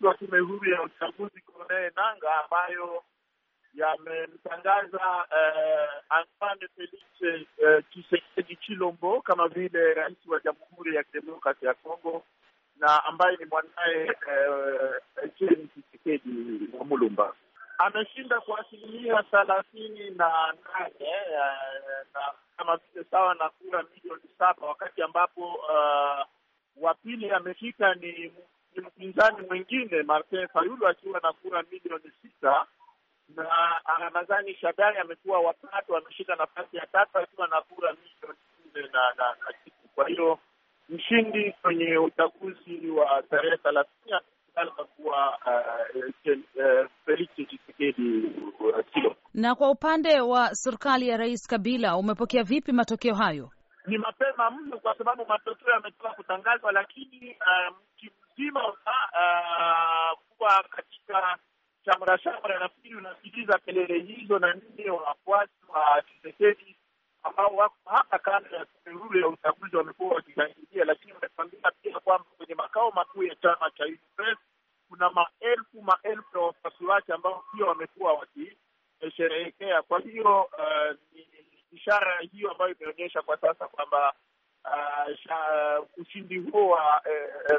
mwenyekiti wa tume huru ya uchaguzi Corneille Nangaa ambayo yamemtangaza eh, Antoine Felix eh, Tshisekedi Chilombo kama vile rais wa Jamhuri ya Kidemokrasia ya Kongo na ambaye ni mwanaye eh, chisekedi Tshisekedi wa Mulumba ameshinda kwa asilimia thelathini na nane eh, na kama vile sawa na kura milioni saba wakati ambapo uh, wa pili amefika ni ni mpinzani mwingine Martin Fayulu akiwa na kura milioni sita na Ramadhani ah, Shadari amekuwa watatu, ameshika nafasi ya tatu akiwa na kura milioni nne na na kitu. Kwa hiyo mshindi kwenye uchaguzi wa tarehe thelathini atakuwa eh, eh, Felix Tshisekedi Tshilombo. Eh, na kwa upande wa serikali ya Rais Kabila, umepokea vipi matokeo hayo? Ni mapema mno, kwa sababu matokeo yametoka kutangazwa, lakini uh, mzima uh, kuwa katika shamra shamra. Nafikiri unasikiliza kelele hizo na nini, wafuasi wa Tshisekedi ambao wako hata kando ya tume ya uchaguzi wamekuwa wakishangilia, lakini wametuambia pia kwamba kwenye makao makuu ya chama cha UDPS kuna maelfu maelfu ya wafuasi wake ambao pia wamekuwa wakisherehekea. Kwa hiyo uh, ni ishara hiyo ambayo imeonyesha kwa sasa kwamba uh, ushindi huo wa uh,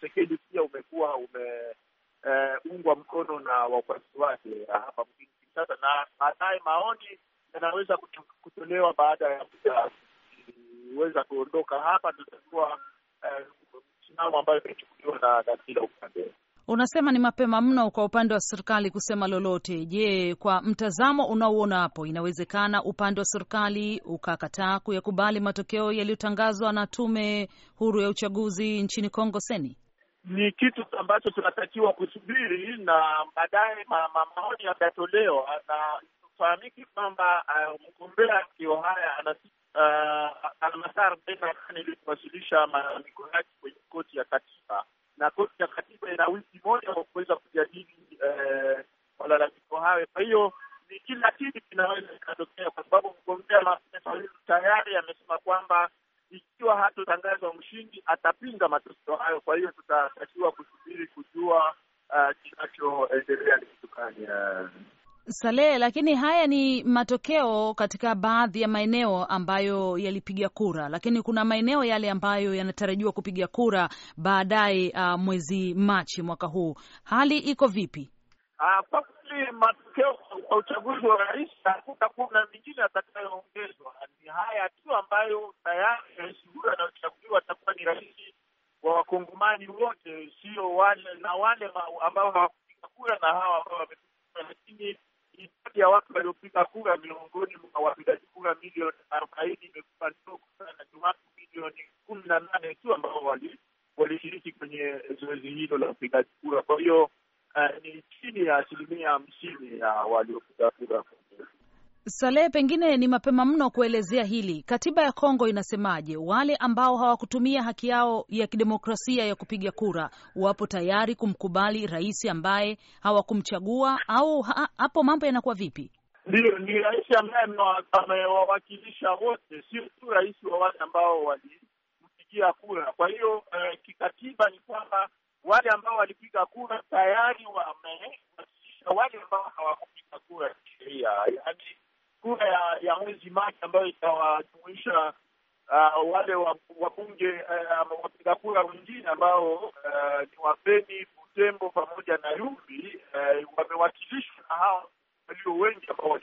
Tshisekedi pia umekuwa umeungwa eh, uh, mkono na wafuasi wake ah, hapa mjini Kinshasa, na baadaye maoni yanaweza kutolewa baada ya kuweza kuondoka hapa, tutakuwa msimamo eh, ambayo imechukuliwa na kila upande. Unasema ni mapema mno kwa upande wa serikali kusema lolote. Je, kwa mtazamo unaoona hapo, inawezekana upande wa serikali ukakataa kuyakubali matokeo yaliyotangazwa na tume huru ya uchaguzi nchini Kongo Seni? ni kitu ambacho tunatakiwa kusubiri na baadaye ma, ma, maoni yatatolewa na fahamiki kwamba uh, mgombea haya ana uh, masaa arobaini na nane ili kuwasilisha malalamiko yake kwenye koti ya katiba, na koti ya katiba ina wiki moja wa kuweza kujadili uh, malalamiko hayo. Kwa hiyo ni kila kitu kinaweza kikatokea, kwa sababu mgombea tayari amesema kwamba ikiwa hatotangazwa mshindi atapinga matokeo hayo. Kwa hiyo tutatakiwa kusubiri kujua uh, kinachoendelea ni kitu gani uh. Salehe, lakini haya ni matokeo katika baadhi ya maeneo ambayo yalipiga kura, lakini kuna maeneo yale ambayo yanatarajiwa kupiga kura baadaye uh, mwezi Machi mwaka huu. Hali iko vipi? Uh, kwa kweli matokeo kwa uchaguzi wa rais hakutakuwa wa wakongomani wote, sio wale na wale ambao hawakupiga kura na hawa ambao wamepiga lakini idadi ya watu waliopiga kura miongoni mwa wapigaji kura milioni arobaini imekuwa ndogo sana. Ni watu milioni kumi na nane tu ambao walishiriki kwenye zoezi hilo la upigaji kura. Kwa hiyo eh, ni chini ya asilimia hamsini ya waliopiga kura. Salehe, pengine ni mapema mno kuelezea hili. Katiba ya Kongo inasemaje? Wale ambao hawakutumia haki yao ya kidemokrasia ya kupiga kura wapo tayari kumkubali rais ambaye hawakumchagua, au hapo mambo yanakuwa vipi? Ndiyo, ni rais ambaye amewawakilisha wote, sio tu rais wa wale ambao walimpigia kura. Kwa hiyo eh, kikatiba ni kwamba wale ambao walipiga kura tayari wame ya mwezi Machi ambayo itawajumuisha uh, wale wabunge uh, wapiga kura wengine ambao uh, ni Wabeni, Butembo pamoja na Yumbi uh, wamewakilishwa na hao walio wengi ambao